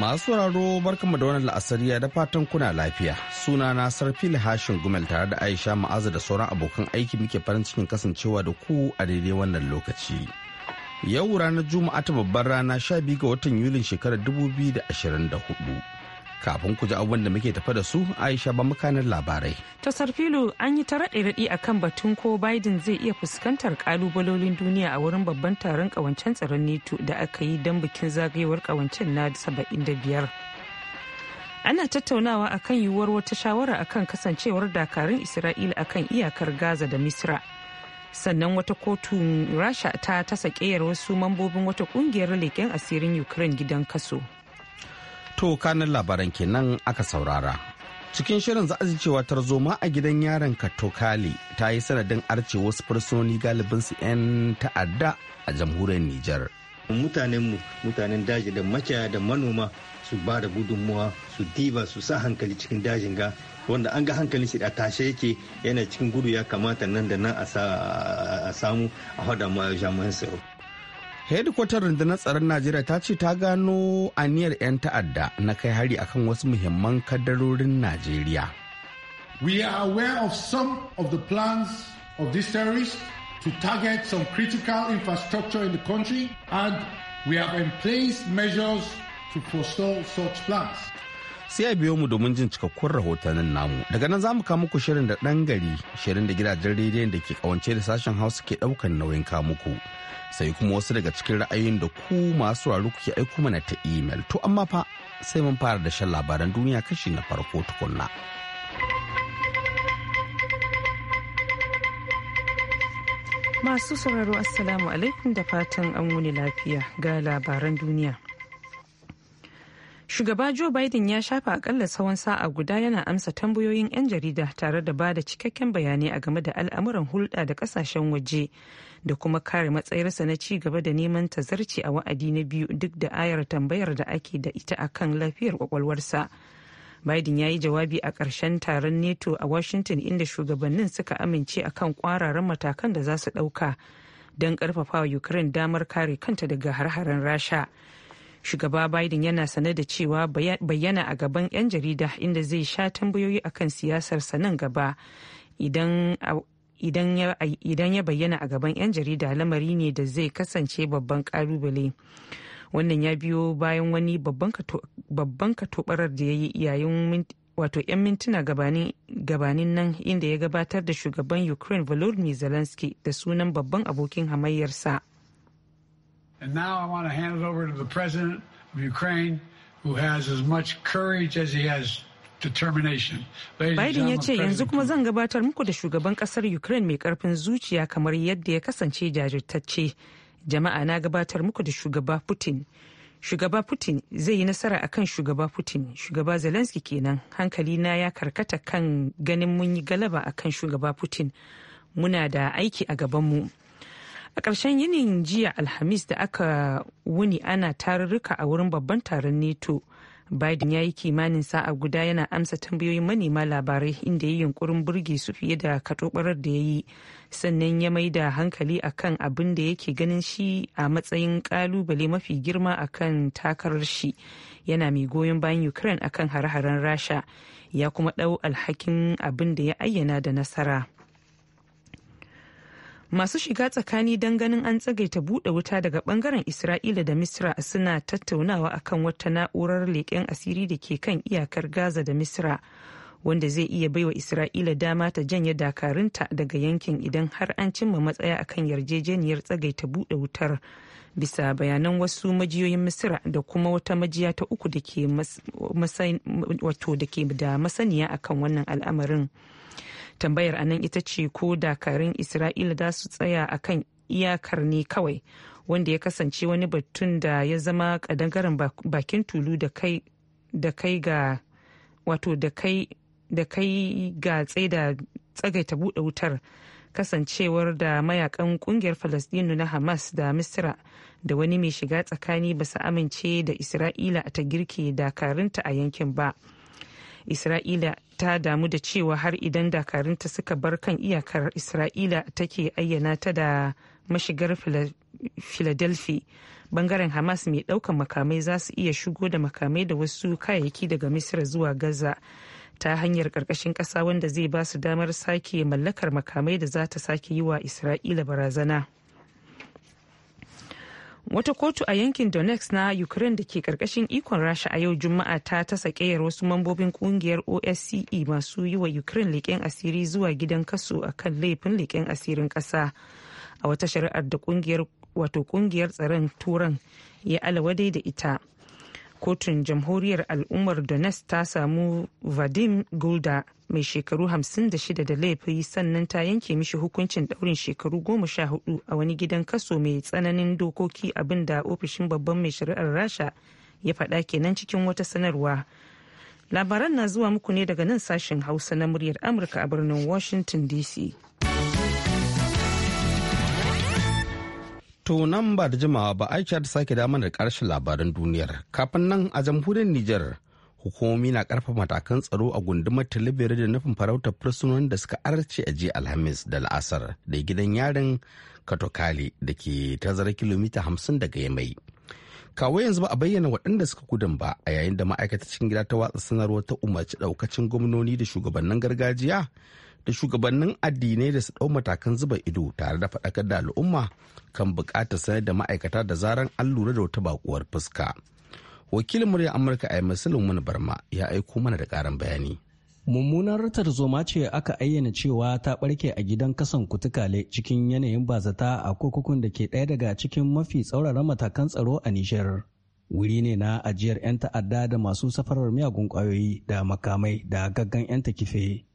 Masu sauraro barkanmu da wannan la'asariya da fatan kuna lafiya. Suna na Sarfil Hashin Gumel tare da Aisha Ma'aza, da sauran abokan aiki muke farin cikin kasancewa da ku a daidai wannan lokaci. Yau ranar Juma'a ta babbar rana 12 ga watan Yulin shekarar 2024. kafin ku ji abubuwan da muke tafa da su aisha ba makanan labarai ta sarfilu an yi ta raɗe raɗi a kan batun ko biden zai iya fuskantar kalubalolin duniya a wurin babban taron ƙawancen tsaron nato da aka yi don bikin zagayewar kawancen na biyar. ana tattaunawa akan yiwuwar wata shawara akan kasancewar dakarun isra'ila akan iyakar gaza da misra sannan wata kotun rasha ta tasa ƙeyar wasu mambobin wata ƙungiyar leƙen asirin ukraine gidan kaso To kanan labaran kenan aka saurara. Cikin shirin za a ji cewa tarzoma a gidan yaron Katokali ta yi sanadin arce wasu fursunoni galibin su 'yan ta'adda a jamhuriyar Nijar. Mutanenmu, mutanen daji da macaya da manoma su ba da gudunmuwa su diba su sa hankali cikin dajin ga wanda an ga hankalin shi a tashe yake yana cikin gudu ya kamata nan da nan a samu a hada a jami'an tsaro. hedikwatar rundunar tsaron najeriya ta ce ta gano aniyar 'yan ta'adda na kai hari akan wasu muhimman kadarorin najeriya we are aware of some of the plans of this terrorists to target some critical infrastructure in the country and we have in place measures to forestall such plans sai a biyo mu domin jin cikakkun rahotannin namu daga nan za mu kawo muku shirin da ɗan gari shirin da gidajen rediyon da ke kawance da sashen hausa ke ɗaukan nauyin kamuku muku sai kuma wasu daga cikin ra'ayoyin da ku masu raro kuke aiko mana ta imel to amma fa sai mun fara da shan labaran duniya kashi na farko tukunna. Masu sauraro Assalamu alaikum da fatan an wuni lafiya ga labaran duniya. Shugaba Joe Biden ya shafa akalla tsawon sa'a guda yana amsa tambayoyin 'yan jarida tare da ba da cikakken bayanai a game da al'amuran hulɗa da ƙasashen waje da kuma kare matsayarsa na ci gaba da neman tazarci a wa'adi na biyu duk da ayar tambayar da ake da ita akan lafiyar kwakwalwarsa. Biden ya yi jawabi a ƙarshen taron NATO a Washington inda shugabannin suka amince akan kwararan matakan da za su ɗauka don ƙarfafa Ukraine damar kare kanta daga har-haren Rasha. Shugaba Biden yana sane da cewa bayyana a gaban 'yan jarida inda zai sha tambayoyi akan siyasarsa nan gaba idan idan ya bayyana a gaban 'yan jarida lamari ne da zai kasance babban kalubale wannan ya biyo bayan wani babban katobarar da ya yi yayin wato 'yan mintuna gabanin nan inda ya gabatar da shugaban ukraine volodymyr zelensky da sunan babban abokin hamayyarsa And now I want to hand it over to the president of Ukraine who has as much courage as he Biden ya ce yanzu kuma zan gabatar muku da shugaban kasar Ukraine mai karfin zuciya kamar yadda ya kasance jajirtacce. Jama'a na gabatar muku da shugaba Putin. Shugaba Putin zai yi nasara akan shugaba Putin, shugaba Zelensky kenan hankali na ya karkata kan ganin mun yi galaba akan shugaba Putin. Muna da aiki a gabanmu. A ƙarshen yinin jiya Alhamis da aka wuni ana tarurruka a wurin babban taron neto. Biden ya yi kimanin sa'a guda yana amsa tambayoyin manema labarai inda ya yi yunkurin burge su fiye da katobarar da ya yi sannan ya mai da hankali kan abin da yake ganin shi a matsayin kalubale mafi girma a kan takarar shi yana mai goyon bayan Ukraine a kan hare-haren Rasha ya kuma ɗau alhakin abin da ya ayyana da nasara. masu shiga tsakani don ganin an tsagaita buɗe wuta daga bangaren isra'ila da misra suna tattaunawa akan wata na'urar leƙen asiri da ke kan iyakar gaza da misra wanda zai iya baiwa isra'ila dama ta janye dakarunta daga yankin idan har an cimma matsaya akan yarjejeniyar tsagaita buɗe wutar bisa bayanan wasu majiyoyin misra da kuma wata majiya ta uku da ke da masaniya akan wannan al'amarin. tambayar anan ita ce ko dakarun isra'ila za su tsaya a kan iyakar ne kawai wanda ya kasance wani batun da ya zama kadangaren bakin tulu da kai ga wato da kai ga ga tsaida tsagaita bude wutar kasancewar da mayakan kungiyar falasdinu na hamas da misra da wani mai shiga tsakani ba su amince da isra'ila ta girke dakarunta a yankin ba. isra'ila ta damu da cewa har idan dakarunta suka bar kan iyakar isra'ila take ayyana ta da mashigar philadelphia bangaren hamas mai daukan makamai za su iya shigo da makamai da wasu kayayyaki daga misira zuwa gaza ta hanyar karkashin kasa wanda zai ba su damar sake mallakar makamai da za ta sake yi wa isra'ila barazana wata kotu a yankin donetsk na ukraine da ke karkashin ikon rasha a yau juma'a ta ta sakayar wasu mambobin kungiyar osce masu yi wa ukraine leƙen asiri zuwa gidan kasu a kan laifin leƙen asirin ƙasa a wata shari'ar da kungiyar wato kungiyar tsaron turan ya alawadai da ita kotun jamhuriyar al'ummar donetsk ta samu vadim gulda mai shekaru 56 da laifi sannan ta yanke mishi hukuncin daurin shekaru 14 a wani gidan kaso mai tsananin dokoki abinda ofishin babban mai shari'ar rasha ya faɗa kenan cikin wata sanarwa labaran na zuwa muku ne daga nan sashen hausa na muryar amurka a birnin washington dc To nan ba da jimawa ba aisha ta sake damar da karshen labaran duniyar kafin nan a jamhuriyar Nijar hukumomi na karfa matakan tsaro a gundumar talibiri da nufin farautar fursunonin da suka arce a jiya alhamis da la'asar da gidan yarin katokali da ke tazara kilomita hamsin daga yamai kawo yanzu ba a bayyana waɗanda suka gudun ba a yayin da ma'aikata cikin gida ta watsa sanarwar ta umarci ɗaukacin gwamnoni da shugabannin gargajiya da shugabannin addinai da su ɗau matakan zuba ido tare da faɗakar da al'umma kan buƙatar sanar da ma'aikata da zaran an lura da wata bakuwar fuska. wakilin murya amurka a musulun wani barma ya aiko mana da karin bayani mummunar ratar zoma ce aka ayyana cewa ta barke a gidan kasan kutukale cikin yanayin bazata a kurkukun da ke ɗaya daga cikin mafi tsauraran matakan tsaro a nijar wuri ne na ajiyar 'yan ta'adda da masu safarar miyagun kwayoyi da makamai da gaggan 'yan kife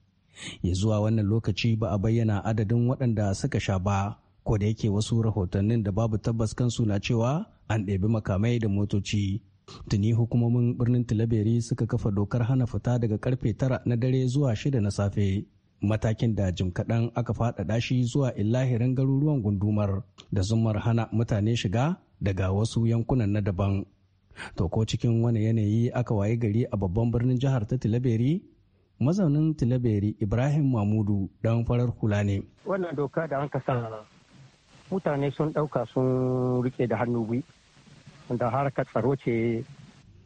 ya zuwa wannan lokaci ba a bayyana adadin waɗanda suka sha ba ko da yake wasu rahotannin da babu tabbas kansu na cewa an ɗebi makamai da motoci tuni hukumomin birnin tilaberi suka kafa dokar hana fita daga karfe tara na dare zuwa shida na safe matakin da jim kaɗan aka faɗaɗa shi zuwa illahirin garuruwan gundumar da zumar hana mutane shiga daga wasu yankunan na daban to ko cikin wani yanayi aka waye gari a babban birnin jihar ta tilaberi mazaunin tilaberi ibrahim mamudu dan farar hula ne wannan doka da an kasa mutane sun ɗauka sun rike da hannu biyu da harkar tsaro ce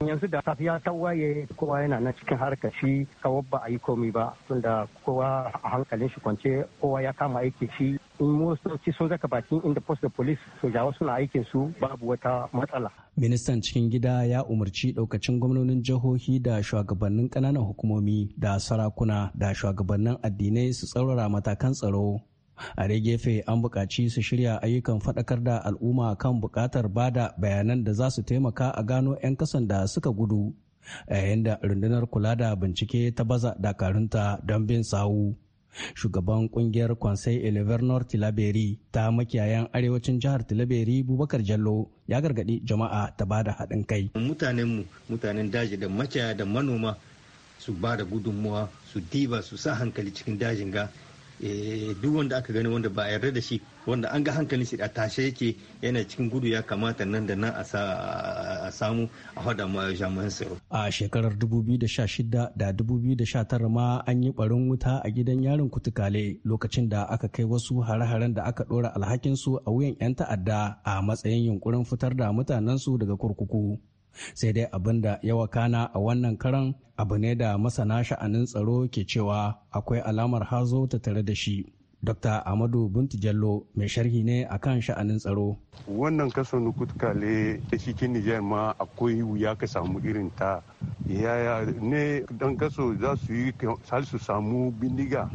yanzu da safiya ta waye kowa yana nan cikin harkar shi kawai ba a yi komi ba tunda kowa a hankalin shi kwance kowa ya kama aiki shi in motoci sun zaka bakin inda post da police jawo suna aikin su babu wata matsala ministan cikin gida ya umarci daukacin gwamnonin jihohi da shugabannin kananan hukumomi da sarakuna da shugabannin addinai su tsaurara matakan tsaro a gefe an buƙaci su shirya ayyukan faɗakar da al'umma kan buƙatar bada bayanan da za su taimaka a gano 'yan kasan da suka gudu yayin da rundunar kula da bincike ta baza dakarunta don bin sawu shugaban kungiyar conseil elever tilaberi ta makiyayan arewacin jihar tilaberi bubakar jallo ya gargadi jama'a ta bada haɗin kai mutanenmu mutanen daji da makiyaya da manoma su bada da gudunmuwa su diba su sa hankali cikin dajin ga Eh, duk wanda aka gani wanda ba a yarda da shi wanda an ga hankalin shi a tashe yake yana cikin gudu ya kamata nan da nan a samu a hada ma jami'an tsaro. A shekarar 2016 da 2019 ma an yi barin wuta a gidan yarin kutukale lokacin da aka kai wasu hare-haren da aka dora alhakinsu a wuyan 'yan ta'adda a matsayin yunkurin fitar da mutanensu daga kurkuku. sai dai abin da ya kana a wannan karan abu ne da masana sha'anin tsaro ke cewa akwai alamar hazo ta tare da shi dr amadu buntu jallo mai sharhi ne a kan sha'anin tsaro wannan kasar nukutukale da cikin nijar ma akwai wuya ka samu irin ta yaya ne dan kaso za su yi su samu bindiga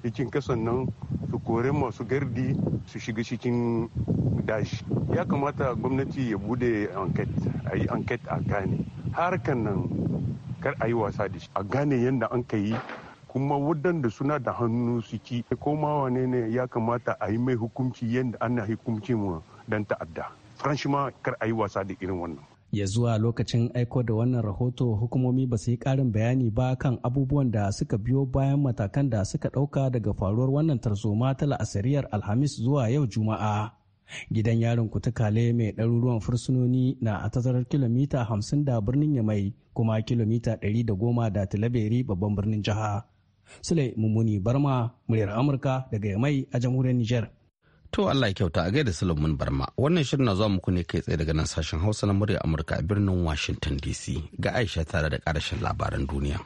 cikin kasan nan su kore masu gardi su shiga cikin dashi ya kamata gwamnati ya bude anket a yi anket a gane harkan nan kar a yi wasa da shi a gane yadda an ka yi kuma waɗanda suna da hannu suki koma wane ne ya kamata a yi mai hukunci yadda ana hukunci mu dan ta'adda franchement kar a yi wasa da irin wannan ya zuwa lokacin aiko da wannan rahoto hukumomi ba su yi karin bayani ba kan abubuwan da suka biyo bayan matakan da suka ɗauka daga faruwar wannan tarzoma ta la'asariyar alhamis zuwa yau juma'a gidan yarin kutukale mai ɗaruruwan fursunoni na a tazarar kilomita hamsin da birnin yamai kuma kilomita ɗari da goma da tilaberi babban birnin jiha sule mummuni barma muryar amurka daga yamai a jamhuriyar niger To Allah ya kyauta a gaida Solomon Barma. Wannan shirin na zuwa muku ne kai tsaye daga nan sashen Hausa na murya Amurka a birnin Washington DC ga Aisha tare da karashin labaran duniya.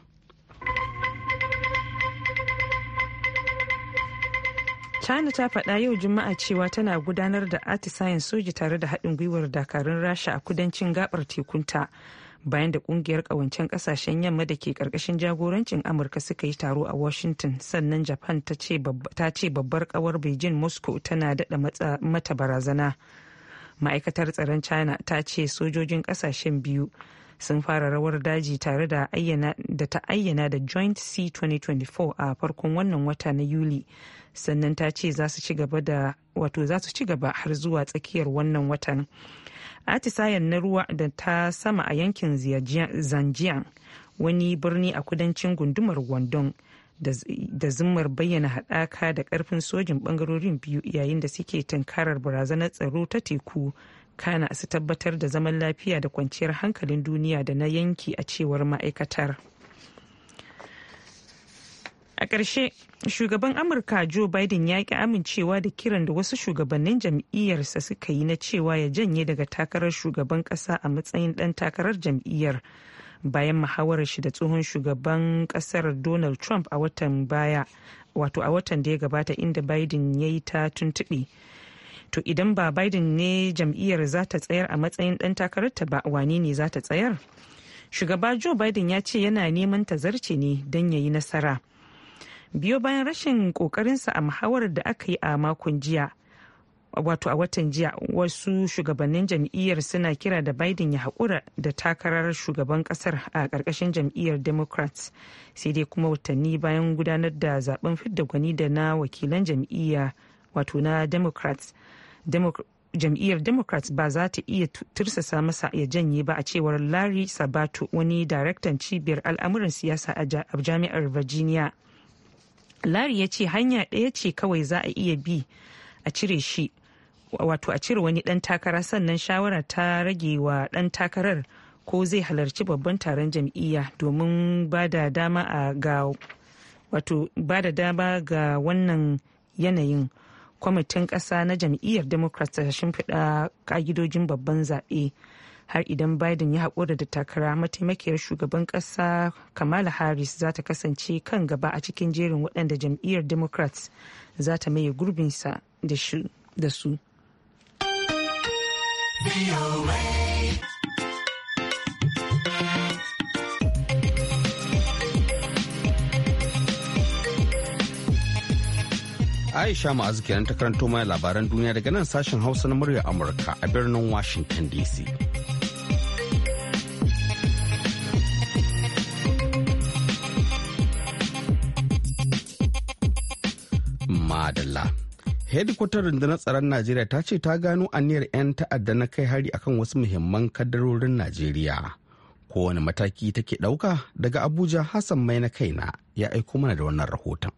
China ta faɗa yau Juma'a cewa tana gudanar da artisan soji tare da haɗin gwiwar dakarun Rasha a kudancin gabar tekunta. bayan da kungiyar kawancen kasashen yamma da ke karkashin jagorancin amurka suka yi taro a washington sannan japan ta ce babbar kawar beijing moscow tana dada mata barazana ma'aikatar tsaron china ta ce sojojin kasashen biyu sun fara rawar daji tare da ta ayyana da joint c 2024 a farkon wannan wata na yuli sannan ta ce za su ci gaba har zuwa tsakiyar wannan watan. atisayen na ruwa da ta sama a yankin zanjiyan wani birni a kudancin gundumar gwandon da zimmar bayyana haɗaka da ƙarfin sojin ɓangarorin biyu yayin da suke tunkarar barazanar tsaro ta teku kana su tabbatar da zaman lafiya da kwanciyar hankalin duniya da na yanki a cewar ma'aikatar. A ƙarshe, shugaban Amurka Joe Biden ya ki amincewa da kiran da wasu shugabannin jam'iyyarsa suka yi na cewa ya janye daga takarar shugaban ƙasa a matsayin ɗan takarar jam'iyyar. Bayan muhawarar shi da tsohon shugaban ƙasar Donald Trump a watan baya, wato a watan da ya gabata inda Biden ya yi ta tuntuɓe. To idan ba Biden ne jam'iyyar za ta tsayar a matsayin ɗan takararta ba wani ne za ta tsayar? Shugaba Joe Biden ya ce yana neman ta zarce ne don ya yi nasara. biyo bayan rashin kokarinsa a muhawarar da aka yi a makon jiya wato a watan jiya wasu shugabannin jam'iyyar suna kira da biden ya haƙura da takarar shugaban kasar a ƙarƙashin jam'iyyar democrats sai dai kuma watanni bayan gudanar da zaben fidda gwani da na wakilan jam'iyya wato na democrats jam'iyyar democrats ba za ta iya tursasa masa ya janye ba a cewar larry sabato wani daraktan cibiyar al'amuran siyasa a jami'ar virginia Lari ya ce hanya ɗaya ce kawai za a iya bi a cire shi wato a cire wani ɗan takara sannan shawara ta rage wa ɗan takarar ko zai halarci babban taron jam'iyya domin ba da dama ga wannan yanayin kwamitin ƙasa na jam'iyyar democrat ta shimfiɗa ƙa'idojin babban zaɓe har idan biden ya haƙura da takara mataimakiyar shugaban ƙasa kamala harris za ta kasance kan gaba a cikin jerin waɗanda jam'iyyar democrats za ta maye gurbinsa da su Aisha Ma'azu kenan ta karanto mana labaran duniya daga nan sashen Hausa na murya Amurka a birnin Washington DC. Dalla. hedikwatar rundunar tsaron najeriya ta ce ta gano aniyar 'yan ta'adda na kai hari akan wasu muhimman kadarorin najeriya kowane mataki take ɗauka daga abuja hassan mai na kaina ya aiko mana da wannan rahoton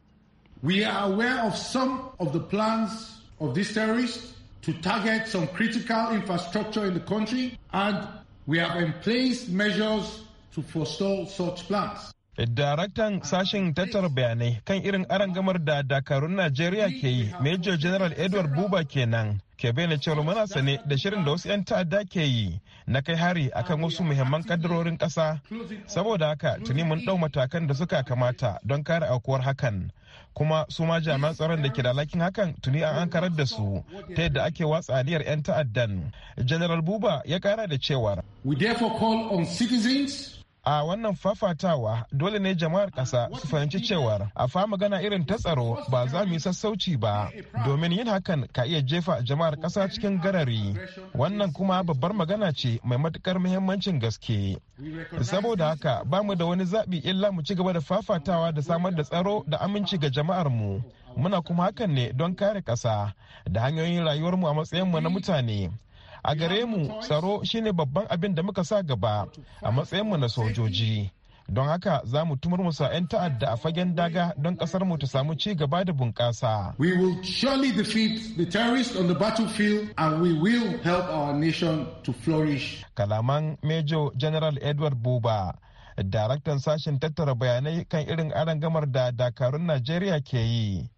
we are aware of some of the plans of these terrorists to target some critical infrastructure in the country and we have in place measures to forestall such plans Daraktan sashen tattara bayanai kan irin arangamar da dakarun Najeriya ke yi, Major General Edward Buba kenan. ke bayyana cewa muna sane da shirin da wasu 'yan ta'adda ke yi na kai hari akan wasu muhimman kaddarorin ƙasa saboda haka tuni mun ɗau matakan da suka kamata don kare aukuwar hakan kuma su ma jami'an tsaron da ke da alhakin hakan tuni an ankarar da su ta yadda ake watsa aliyar 'yan ta'addan general buba ya kara da cewar we therefore call on citizens a wannan fafatawa dole ne jama'ar ƙasa su fahimci cewar a fa magana irin ta tsaro ba za mu yi sassauci ba domin yin hakan ka iya jefa jama'ar ƙasa cikin garari wannan kuma babbar magana ce mai matukar muhimmancin gaske saboda haka ba mu da wani zaɓi illa mu ci gaba da fafatawa da samar da tsaro da aminci ga jama'ar mu muna kuma hakan ne don kare ƙasa da hanyoyin rayuwarmu a matsayin mu na mutane a gare mu tsaro shine babban abin da muka sa gaba a matsayin mu na sojoji don haka za mu tumar musa 'yan ta'adda a fagen daga don kasar mu ta samu ci gaba da bunƙasa. We will surely defeat the terrorists on the battlefield and we will help our nation to flourish. Kalaman Major General Edward Buba, daraktan sashen tattara bayanai kan irin arangamar da dakarun Najeriya ke yi.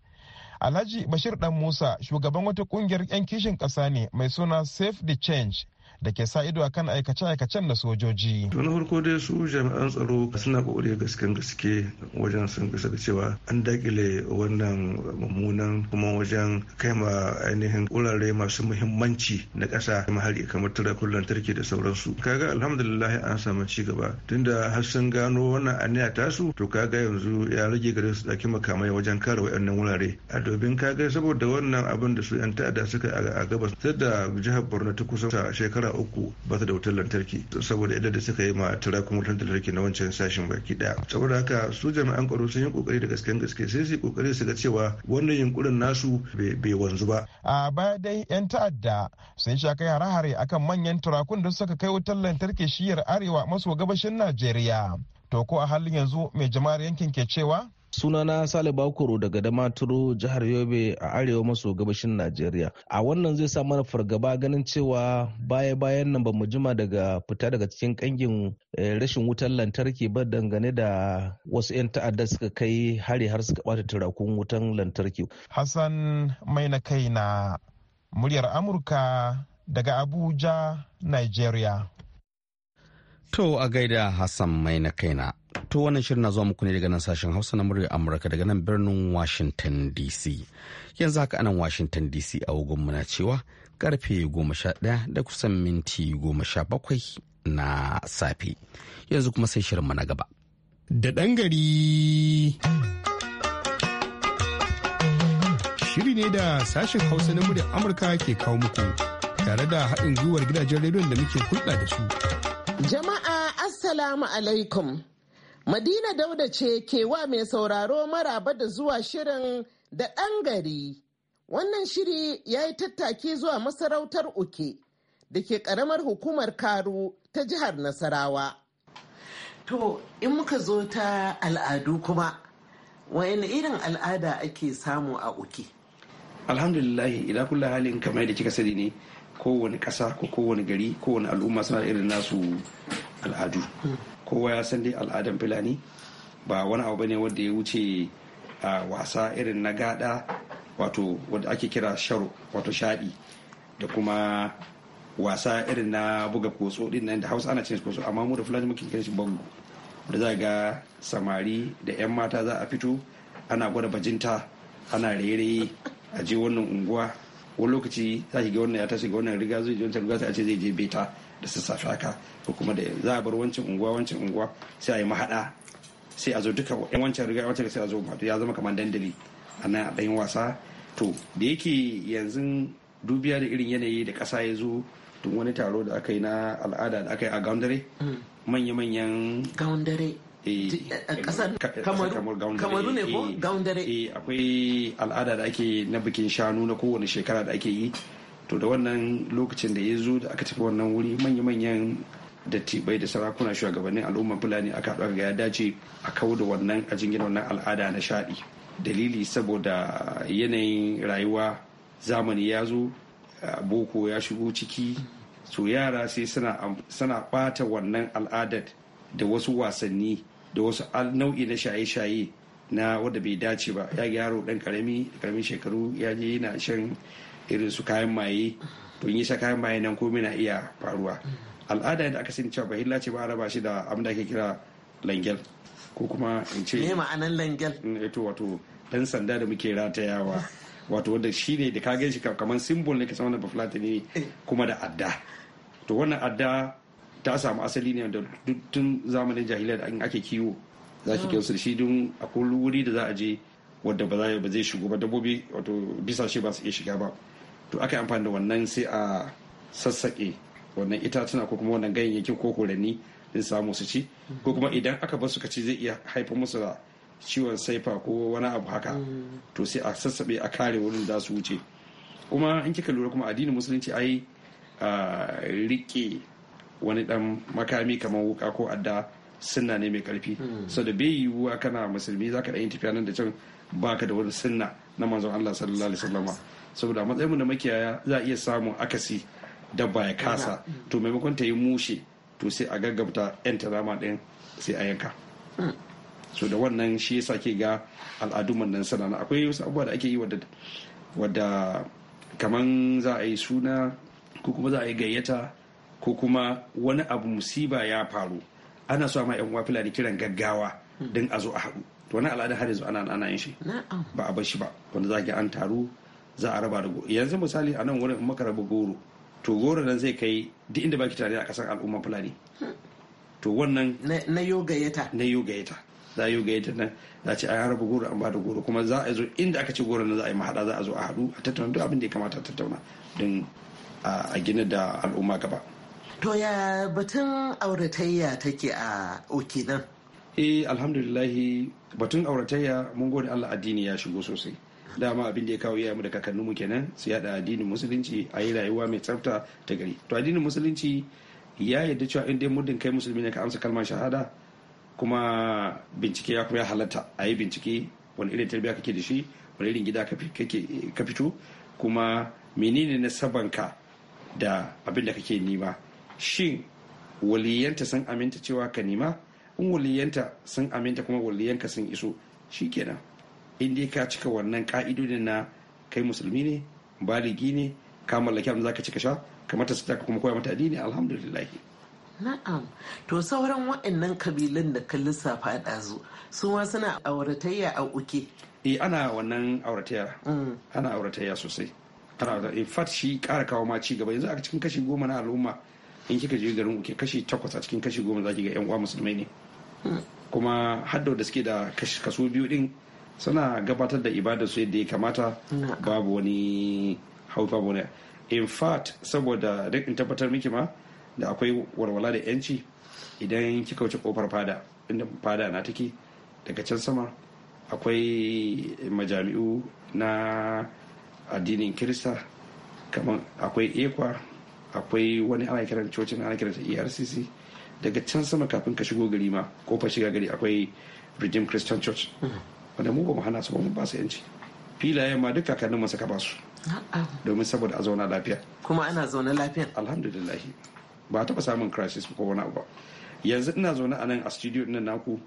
Alhaji Bashir Dan Musa shugaban wata kungiyar 'yan kishin ƙasa ne mai suna Save the Change da ke sa ido akan aikace-aikacen da sojoji. To na farko dai su jami'an tsaro suna kokari gasken gaske wajen sun gasa da cewa an dakile wannan mummunan kuma wajen kai ma ainihin wurare masu muhimmanci na ƙasa mahari kamar turafin lantarki da sauransu. Kaga alhamdulillah an samu ci gaba tunda har sun gano wannan aniya tasu to kaga yanzu ya rage gare su ɗauki makamai wajen kare wayannan wurare. A dobin kaga saboda wannan abin da su 'yan ta'adda suka a gabas ta da jihar Borno ta kusa shekara shekara uku ba su da wutar lantarki saboda idan da suka yi ma turakun wutar lantarki na wancan sashen baki daya saboda haka su jami'an tsaro sun yi kokari da gaske gaske sai su yi kokari su ga cewa wannan yunkurin nasu bai wanzu ba a baya dai yan ta'adda sun sha kai hare-hare akan manyan turakun da suka kai wutar lantarki shiyar arewa maso gabashin najeriya to ko a halin yanzu mai jama'ar yankin ke cewa sunana sale bakoro daga damaturu jihar yobe a arewa maso gabashin najeriya a wannan zai sa mana fargaba ganin cewa baya bayan nan bamu jima daga fita daga cikin kangin eh, rashin wutar lantarki ba dangane da wasu 'yan ta'adda suka kai hari har suka bata turakun wutan lantarki hassan mai na kai na muryar amurka daga abuja nigeria to a gaida hassan mai na kaina To wannan shirin na zuwa muku ne daga nan sashen Hausa na murya Amurka daga nan birnin Washington DC. Yanzu haka anan Washington DC a wugun muna cewa karfe 11 da kusan minti goma sha bakwai na safe. Yanzu kuma sai shirin na gaba. Da ɗan gari. Shiri ne da sashen Hausa na murya Amurka ke kawo muku tare da haɗin gwiwar gidajen rediyon da muke hulɗa da su. Jama'a Assalamu alaikum. Madina Dauda ce kewa mai sauraro maraba da zuwa shirin da ɗan gari. Wannan shiri ya yi tattaki zuwa masarautar Uke da ke ƙaramar hukumar Karu ta jihar Nasarawa. To, in muka zo ta al'adu kuma, wani irin al'ada ake samu a Uke? Alhamdulillahi, ila kula halin kamar da kika sani ne, kowane ƙasa ko kowane gari, kowane al'umma suna irin nasu al'adu. kowa ya san dai al'adan fulani ba wani abu bane wanda ya wuce a wasa irin na gada wato wanda ake kira sharo wato shaɗi da kuma wasa irin na buga kotso din nan da hausa ana cin kotso amma mu da fulani muke kira shi bango da za ga samari da 'yan mata za a fito ana gwada bajinta ana rere a je wannan unguwa wani lokaci za ki ga wannan ya tashi ga wannan riga zai je wancan riga sai a ce zai je beta da sassafe haka ko kuma da za a bar wancan unguwa wancan unguwa sai a yi mahaɗa sai a zo duka yan wancan riga wancan sai a zo wato ya zama kamar dandali a nan a ɗayan wasa to da yake yanzu dubiya da irin yanayi da ƙasa ya zo tun wani taro da aka yi na al'ada da aka yi a gaundare hmm. manya-manyan gaundare kasar eh, eh, kamaru ne ko eh, gaundare akwai al'ada da ake na bikin shanu na kowane shekara da ake yi to da wannan lokacin da ya zo da aka tafi wannan wuri manya-manyan dattibai da sarakuna shugabannin al'ummar fulani aka haɗu ga ya dace a kawo da wannan a jingina wannan al'ada na shaɗi dalili saboda yanayin rayuwa zamani ya zo boko ya shigo ciki so yara sai suna ɓata wannan al'adar da wasu wasanni da wasu nau'i na shaye-shaye na wanda bai dace ba ya yaro dan karami karamin shekaru ya je yana shan irin su kayan maye to in kayan maye nan ko muna iya faruwa al'ada da aka sani cewa bahilla ce ba raba shi da abin da ake kira langel ko kuma in ce ne ma'anan langel mm, eto eh wato dan sanda da muke ratayawa wato wanda shi ne da kagen shi kamar simbol ne kasan wannan bafulatani ne kuma da adda to wannan adda ta samu asali ne da tun zamanin jahiliya da ake kiwo za ki kiyo shi don akwai wuri da za a je wadda ba zai shigo ba dabbobi wato bisa shi ba su iya shiga ba to aka yi amfani da wannan sai a sassaƙe wannan itatuna ko kuma wannan ganyayyakin ko horanni din samu su ci ko kuma idan aka bar su kaci zai iya haifar musu da ciwon saifa ko wani abu haka mm. to sai a sassaɓe a kare wurin da su wuce kuma in kika lura kuma addinin musulunci ai rike wani dan makami kamar wuka ko adda sunna ne mai karfi mm. so da bai yiwuwa kana musulmi zaka da yin tafiya nan da can baka da wani sunna na manzon Allah sallallahu alaihi wasallama saboda matsayinmu na makiyaya za a iya samun akasi dabba ya kasa to maimakon ta yi mushe to sai a gaggabta 'yan tarama ɗin sai a yanka hmm. so da wannan shi yasa ke ga al'adun wannan sana akwai wasu abubuwa da ake yi wadda kaman za a yi suna ko kuma za a yi gayyata ko kuma wani abu musiba ya faru ana so ma yan wafila fulani kiran gaggawa hmm. don a zo a haɗu to wani al'adun har yanzu ana ana yin shi ba a bar shi ba wanda za ki an taru za a raba da goro yanzu misali a nan wurin in maka raba goro to goro nan zai kai duk inda baki tare a kasar al'umma fulani to wannan na yogayeta na yogayeta za a yogayeta nan za a ce an raba goro an ba da goro kuma za a zo inda aka ce goro nan za a yi mahaɗa za a zo a haɗu a tattauna duk abin da ya kamata a tattauna don a gina da al'umma gaba. To ya batun auratayya take a okinan? Eh alhamdulillah batun auratayya mun gode Allah addini ya shigo sosai. dama abin da ya kawo mu da mu kenan su yada addinin musulunci a yi rayuwa mai tsafta ta gari to addinin musulunci ya yarda cewa in dai muddin kai musulmi ne ka amsa kalmar shahada kuma bincike ya kuma ya halatta a yi bincike wani irin tarbiyya kake da shi wani irin gida ka fito kuma menene na ka da abin da kake nima shin waliyanta sun aminta cewa ka nima in waliyanta sun aminta kuma waliyanka sun iso shi kenan. in dai ka cika wannan ka'idodin na kai musulmi ne baligi ne ka mallaki abin zaka cika sha kamar ta sita kuma koya mata addini alhamdulillah na'am to sauran wa'annan kabilan da ka lissafa ɗazu su ma suna auratayya a uke eh ana wannan auratayya mm. ana auratayya sosai ana in fat shi ƙara kawo ma ci gaba yanzu a cikin kashi goma na al'umma in kika je garin uke kashi takwas a cikin kashi goma zaki ga yan uwa musulmai ne mm. kuma haddo da suke da kaso biyu din suna gabatar da ibada su yadda ya kamata babu wani hau babu wani in fact saboda in tabbatar miki ma da akwai walwala da yanci idan kika wuce kofar fada inda fada na take daga can sama akwai majami'u na addinin kirista kamar akwai ekwa akwai wani ana kiran cocin ana kiran ercc daga can sama kafin ka shigo gari ma kofar shiga gari akwai redeemed christian church hmm. wanda mu ba mu hana su ba mu ba su yanci filaye ma duk kakannin mu suka ba su domin saboda a zauna lafiya kuma ana zaune lafiya alhamdulillah ba taɓa samun crisis ko wani abu ba yanzu ina zaune a nan a studio ɗin naku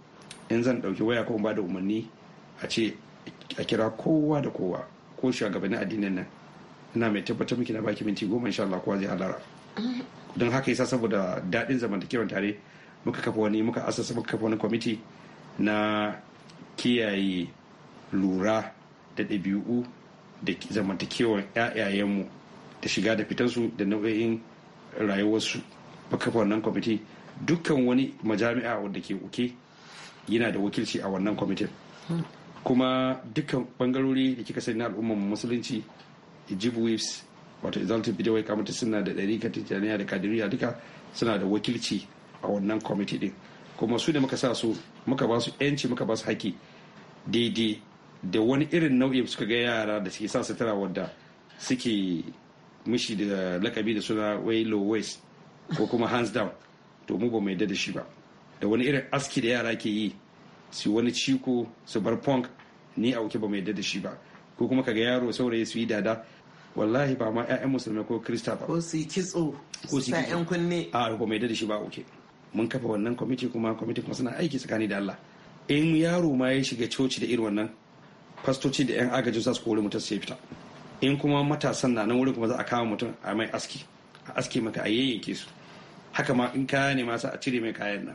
in zan ɗauki waya ko ba da umarni a ce a kira kowa da kowa ko shugabannin addinin nan ina mai tabbatar miki na baki minti goma insha Allah kowa zai halara don haka yasa saboda daɗin zamantakewar tare muka kafa wani muka asasa muka kafa wani kwamiti na kiyaye lura da ɗabi'u da zamantakewar 'ya'yayenmu da shiga da fitansu da nau'o'in rayuwarsu kafa wannan kwamiti dukkan wani majami'a wanda ke uke yana da wakilci a wannan kwamitin kuma dukkan bangarori da kika sani na al'ummar musulunci ijibu waves wato exalted bidawai kamata suna da ɗari katijaniya da kadiriya duka suna da wakilci a wannan kwamiti din kuma su da muka sa su muka ba su yanci muka ba su haƙƙi daidai da wani irin nau'i suka ga yara da suke sa sutura wadda suke mishi da lakabi da suna way low waist ko kuma hands down to mu ba mai da shi ba da wani irin aski da yara ke yi su wani ciko su bar punk ni a wuce ba mai da shi ba ko kuma kaga yaro saurayi su yi dada wallahi ba ma 'ya'yan musulmai ko krista ba ko su yi kitso ko su yi kunne a ba mai da shi ba wuce mun kafa wannan kwamiti kuma kwamiti kuma suna aiki tsakani da Allah in yaro ma ya shiga coci da irin wannan fastoci da 'yan agajin za su kori mutum sai fita in kuma matasan na nan wurin kuma za a kama mutum a mai aski a aski maka a yayyanke su haka ma in kaya ne masu a cire mai kayan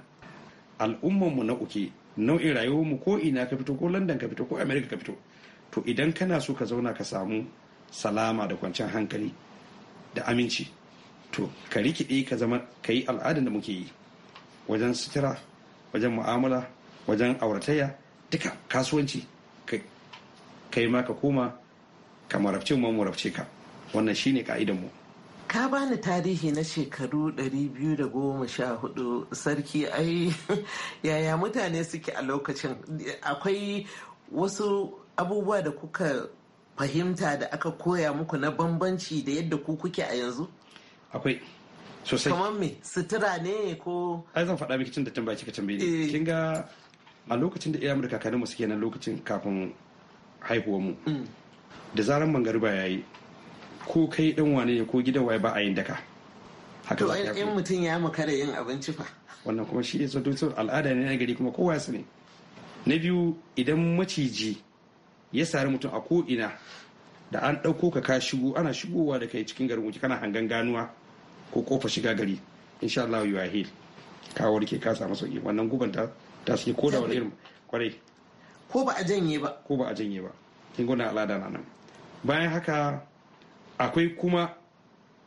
nan mu na uke nau'in rayuwar mu ko ina ka fito ko london ka fito ko america ka fito to idan kana so ka zauna ka samu salama da kwanciyar hankali da aminci to ka rikide ka zama ka yi al'adar da muke yi wajen sutura wajen mu'amala wajen auratayya duka kasuwanci kai ma ka koma ka marabce mu marabce ka wannan shine ka'idan mu ka bani tarihi na shekaru 214 sarki ai yaya mutane suke a lokacin akwai wasu abubuwa da kuka fahimta da aka koya muku na bambanci da yadda ku kuke a yanzu akwai sosai kamar me sutura ne ko ai zan faɗa miki tun da tun baki ka tambaye ni eh. kin ga a lokacin da iyamu da kakanninmu suke nan lokacin kafin haihuwar mu mm. da zaran Garba ya yi ko kai dan wane ne ko gidan waye ba a yin daka haka za ka in mutum ya makara yin abinci fa wannan kuma shi ne zato al'ada ne na gari kuma kowa ya sani na biyu idan maciji ya sari mutum a ko'ina da an ɗauko ka ka shigo ana shigowa da kai cikin garin wuce kana hangan ganuwa ko kofa shiga gari insha Allah you are healed ka warke ka samu sauki wannan guban ta ta suke ko da wani irin kwarai ko ba a janye ba ko ba a janye ba kin gwada al'ada na nan bayan haka akwai kuma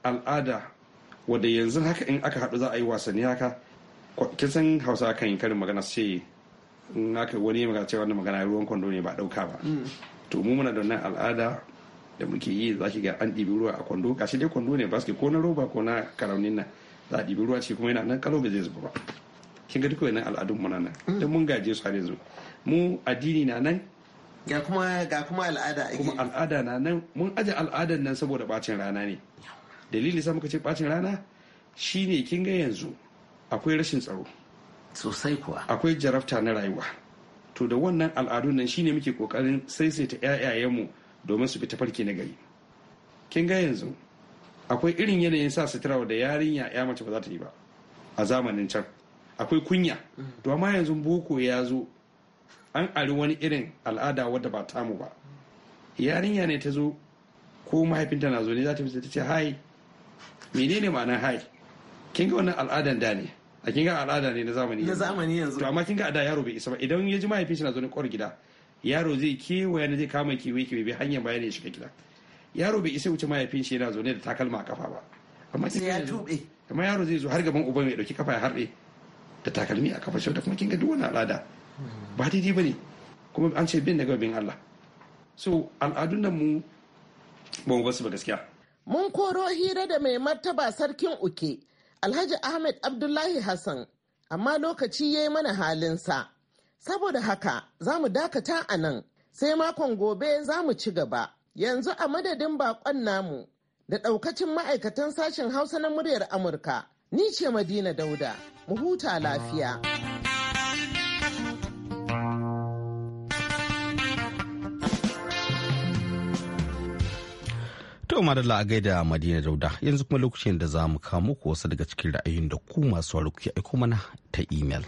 al'ada wadda yanzu haka in aka haɗu za a yi wasanni haka kin san hausa kan yi karin magana sai in aka wani magana cewa wannan magana ruwan kwando ne ba ɗauka ba mm. to mu muna da wannan al'ada da muke yi za ki ga an ɗibi ruwa a kwando kashi dai kwando ne basket ko na roba ko na karaunin nan za a ɗibi ruwa ce kuma yana nan kalau ba zai zuba ba kin ga duk wannan al'adun mu nan mm. dan mun gaje su har yanzu mu addini na nan ga kuma ga kuma al'ada ake kuma al'ada na nan mun aje al'adan nan saboda bacin rana ne dalili sa muka ce bacin rana shine kin ga yanzu akwai rashin tsaro sosai kuwa akwai jarafta na rayuwa to da wannan al'adun nan shine muke kokarin saisaita mu domin su bi tafarki na gari kin ga yanzu akwai irin yanayin sa sutura da yarinya ya mace ba za ta yi ba a zamanin can akwai kunya mm. to amma yanzu boko ya zo an ari wani irin al'ada wadda ba tamu ba yarinya ne ta zo ko mahaifinta na zo ne za ta fita ta ce hai menene ma'anar hai kin ga wannan al'adan da ne a kin ga al'ada ne na zamani na zamani yanzu to amma kin ga da yaro bai isa ba idan ya ji mahaifin shi na zo ne kwar gida yaro zai kewaya ne zai kama kewaye kewaye bai hanyar bayan ya shiga gida yaro bai isa wuce mahaifin shi yana zo ne da takalma a kafa ba amma sai ya tube amma yaro zai zo har gaban uban ya dauki kafa ya harbe da takalmi a kafar da kuma kinga duk wani al'ada ba daidai ba ne kuma an ce bin daga bin Allah so al'adun nan mu ba mu basu ba gaskiya mun koro hira da mai martaba sarkin uke alhaji ahmed abdullahi hassan amma lokaci ya yi mana halinsa saboda haka za mu dakata a nan sai makon gobe za mu ci gaba yanzu a madadin bakon namu da daukacin ma'aikatan sashen hausa na muryar amurka ni ce madina dauda mu huta lafiya. To madalla a gaida Madina Dauda yanzu kuma lokacin da za mu kawo muku wasu daga cikin ra'ayin da ku masu wari aiko mana ta imel.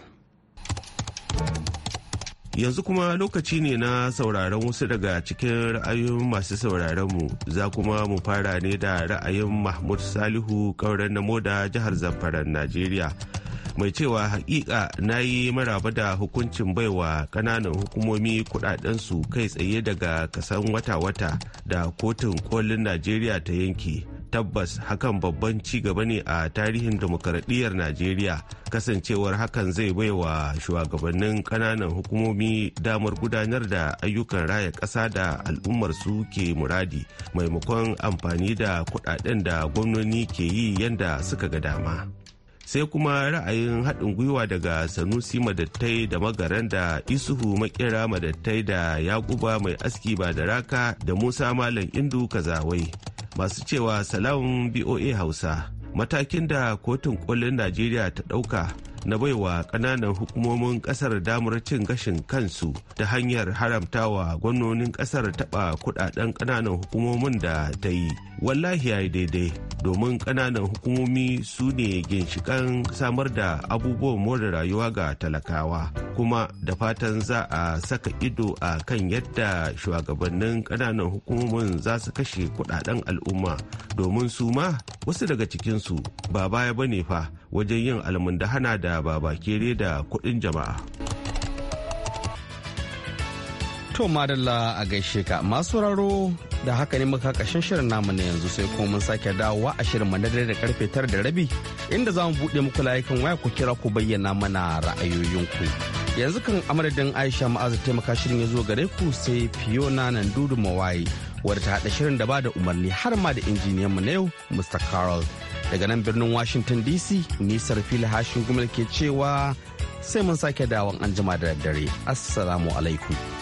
Yanzu kuma lokaci ne na sauraron wasu daga cikin ra'ayoyin masu sauraron mu za kuma mu fara ne da ra'ayin Mahmud Salihu kauren namo da jihar Zamfara Najeriya. mai cewa hakika na yi maraba da hukuncin baiwa kananan hukumomi kudadensu kai tsaye daga kasan wata-wata da kotun kolin najeriya ta yanki tabbas hakan babban ci gaba ne a tarihin demokaradiyyar najeriya kasancewar hakan zai baiwa shugabannin kananan hukumomi damar gudanar da ayyukan raya ƙasa da al'ummarsu ke muradi maimakon amfani da kudaden da gwamnoni ke yi yadda suka ga dama. sai kuma ra'ayin haɗin gwiwa daga sanusi madattai da magaran da isuhu makera madattai da yakuba mai aski ba da raka da musa malam indu kazawai masu cewa salamun boa hausa matakin da kotun kolin najeriya ta ɗauka na baiwa ƙananan hukumomin ƙasar damar cin gashin kansu ta hanyar haramtawa gwamnonin ƙasar taɓa kuɗaɗen ƙananan hukumomin da ta yi wallahi ya yi daidai domin ƙananan hukumomi su ne ginshikan samar da abubuwan more rayuwa ga talakawa kuma da fatan za a saka ido a kan yadda shugabannin ƙananan hukumomin za su kashe kudaden al'umma domin su ma wasu daga cikinsu ba baya ne fa wajen yin almundahana da babakere da kuɗin jama'a. To madalla a gaishe ka masu raro da haka ne muka kashe shirin namu na yanzu sai kuma mun sake dawowa a shirin mu na dare da karfe tara da rabi inda za mu buɗe muku layukan waya ku kira ku bayyana mana ra'ayoyinku. Yanzu kan amadadin Aisha Ma'azu taimaka shirin ya zo gare ku sai Fiona nan dudu mawaye wadda ta haɗa shirin da ba da umarni har ma da injiniyan mu na yau Mr. Carol. Daga nan birnin Washington DC nisar fili hashin gumal ke cewa sai mun sake dawon anjima da daddare. Assalamu alaikum.